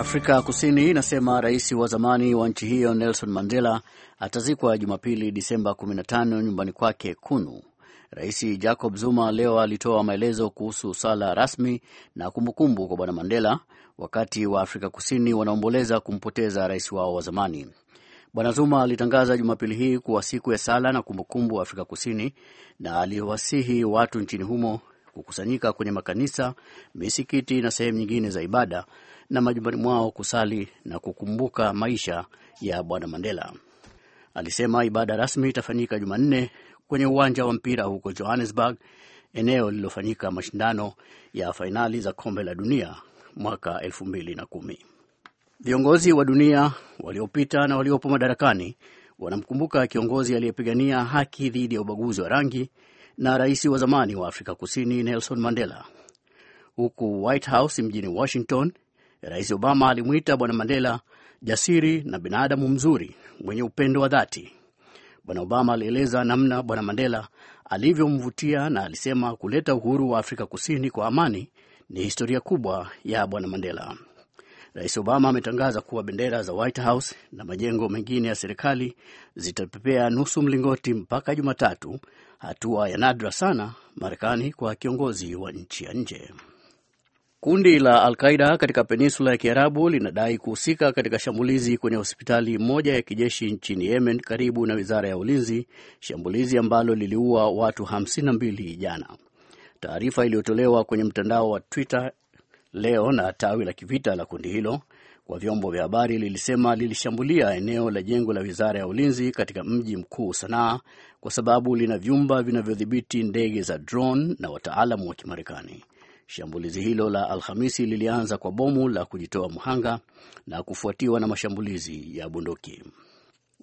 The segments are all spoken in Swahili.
Afrika Kusini inasema rais wa zamani wa nchi hiyo Nelson Mandela atazikwa Jumapili Disemba 15 nyumbani kwake Kunu. Rais Jacob Zuma leo alitoa maelezo kuhusu sala rasmi na kumbukumbu kwa bwana Mandela wakati wa Afrika Kusini wanaomboleza kumpoteza rais wao wa zamani. Bwana Zuma alitangaza Jumapili hii kuwa siku ya sala na kumbukumbu Afrika Kusini na aliwasihi watu nchini humo kukusanyika kwenye makanisa, misikiti na sehemu nyingine za ibada na majumbani mwao kusali na kukumbuka maisha ya Bwana Mandela. Alisema ibada rasmi itafanyika Jumanne kwenye uwanja wa mpira huko Johannesburg, eneo lililofanyika mashindano ya fainali za kombe la dunia mwaka 2010. Viongozi wa dunia waliopita na waliopo madarakani wanamkumbuka kiongozi aliyepigania haki dhidi ya ubaguzi wa rangi na rais wa zamani wa Afrika Kusini Nelson Mandela, huku White House mjini Washington Rais Obama alimwita Bwana Mandela jasiri na binadamu mzuri mwenye upendo wa dhati. Bwana Obama alieleza namna Bwana Mandela alivyomvutia na alisema kuleta uhuru wa Afrika Kusini kwa amani ni historia kubwa ya Bwana Mandela. Rais Obama ametangaza kuwa bendera za White House na majengo mengine ya serikali zitapepea nusu mlingoti mpaka Jumatatu, hatua ya nadra sana Marekani kwa kiongozi wa nchi ya nje. Kundi la alqaida katika peninsula ya Kiarabu linadai kuhusika katika shambulizi kwenye hospitali moja ya kijeshi nchini Yemen karibu na Wizara ya Ulinzi, shambulizi ambalo liliua watu 52 jana. Taarifa iliyotolewa kwenye mtandao wa Twitter leo na tawi la kivita la kundi hilo kwa vyombo vya habari lilisema lilishambulia eneo la jengo la Wizara ya Ulinzi katika mji mkuu Sanaa kwa sababu lina vyumba vinavyodhibiti ndege za drone na wataalamu wa Kimarekani. Shambulizi hilo la Alhamisi lilianza kwa bomu la kujitoa mhanga na kufuatiwa na mashambulizi ya bunduki.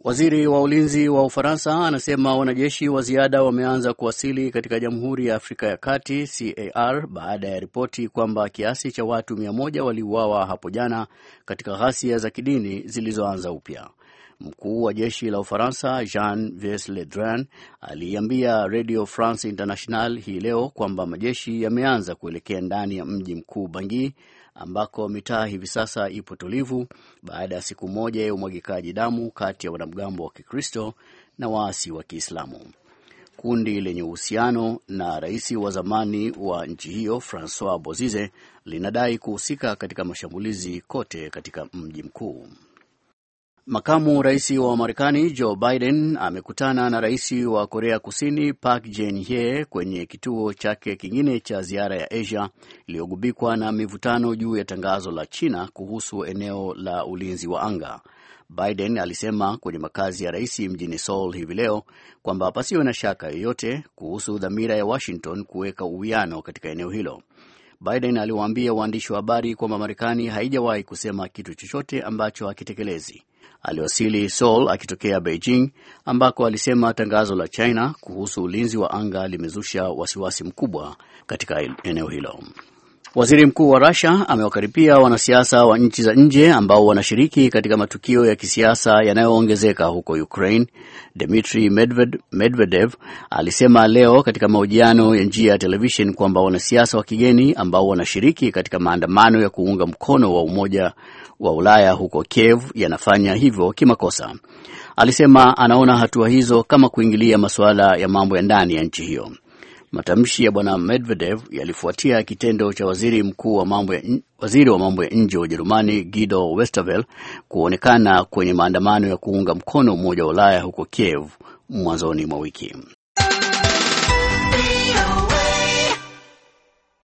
Waziri wa ulinzi wa Ufaransa anasema wanajeshi wa ziada wameanza kuwasili katika Jamhuri ya Afrika ya Kati CAR baada ya ripoti kwamba kiasi cha watu mia moja waliuawa hapo jana katika ghasia za kidini zilizoanza upya. Mkuu wa jeshi la Ufaransa jean Ves Le Drian aliiambia Radio France International hii leo kwamba majeshi yameanza kuelekea ndani ya mji mkuu bangi ambako mitaa hivi sasa ipo tulivu baada ya siku moja ya umwagikaji damu kati ya wanamgambo wa Kikristo na waasi wa Kiislamu. Kundi lenye uhusiano na rais wa zamani wa nchi hiyo Francois Bozize linadai kuhusika katika mashambulizi kote katika mji mkuu. Makamu rais wa Marekani Joe Biden amekutana na rais wa Korea Kusini Park Geun-hye kwenye kituo chake kingine cha ziara ya Asia iliyogubikwa na mivutano juu ya tangazo la China kuhusu eneo la ulinzi wa anga. Biden alisema kwenye makazi ya rais mjini Seoul hivi leo kwamba pasiwe na shaka yoyote kuhusu dhamira ya Washington kuweka uwiano katika eneo hilo. Biden aliwaambia waandishi wa habari kwamba Marekani haijawahi kusema kitu chochote ambacho hakitekelezi. Aliwasili Seoul akitokea Beijing ambako alisema tangazo la China kuhusu ulinzi wa anga limezusha wasiwasi mkubwa katika eneo hilo. Waziri Mkuu wa Russia amewakaribia wanasiasa wa nchi za nje ambao wanashiriki katika matukio ya kisiasa yanayoongezeka huko Ukraine. Dmitry Medvedev alisema leo katika mahojiano ya njia ya television kwamba wanasiasa wa kigeni ambao wanashiriki katika maandamano ya kuunga mkono wa Umoja wa Ulaya huko Kiev yanafanya hivyo kimakosa. Alisema anaona hatua hizo kama kuingilia masuala ya mambo ya ndani ya nchi hiyo. Matamshi ya bwana Medvedev yalifuatia kitendo cha waziri mkuu wa mambo ya waziri wa mambo ya nje wa Ujerumani Guido Westerwelle kuonekana kwenye maandamano ya kuunga mkono Umoja wa Ulaya huko Kiev mwanzoni mwa wiki.